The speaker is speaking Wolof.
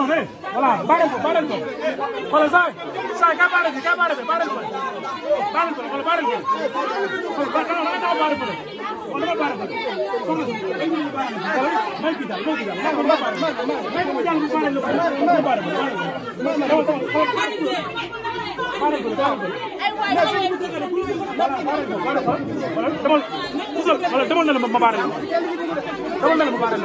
noonu eh voilà baaree ko baaree ko xoolal saa yi saa yi kaay baaree ko kaay baaree ko baaree ko baaree ko xoolal baaree ko xoolal baaree ko xoolal baaree ko xoolal baaree ko xoolal may bi daal may bi daal may ko baaree may ko jàll bu baaree la ko baaree ko baaree ko baaree ko baaree ko mais suñu bu njëkk rek voilà demal na la ma baaree la demal na la ma baaree la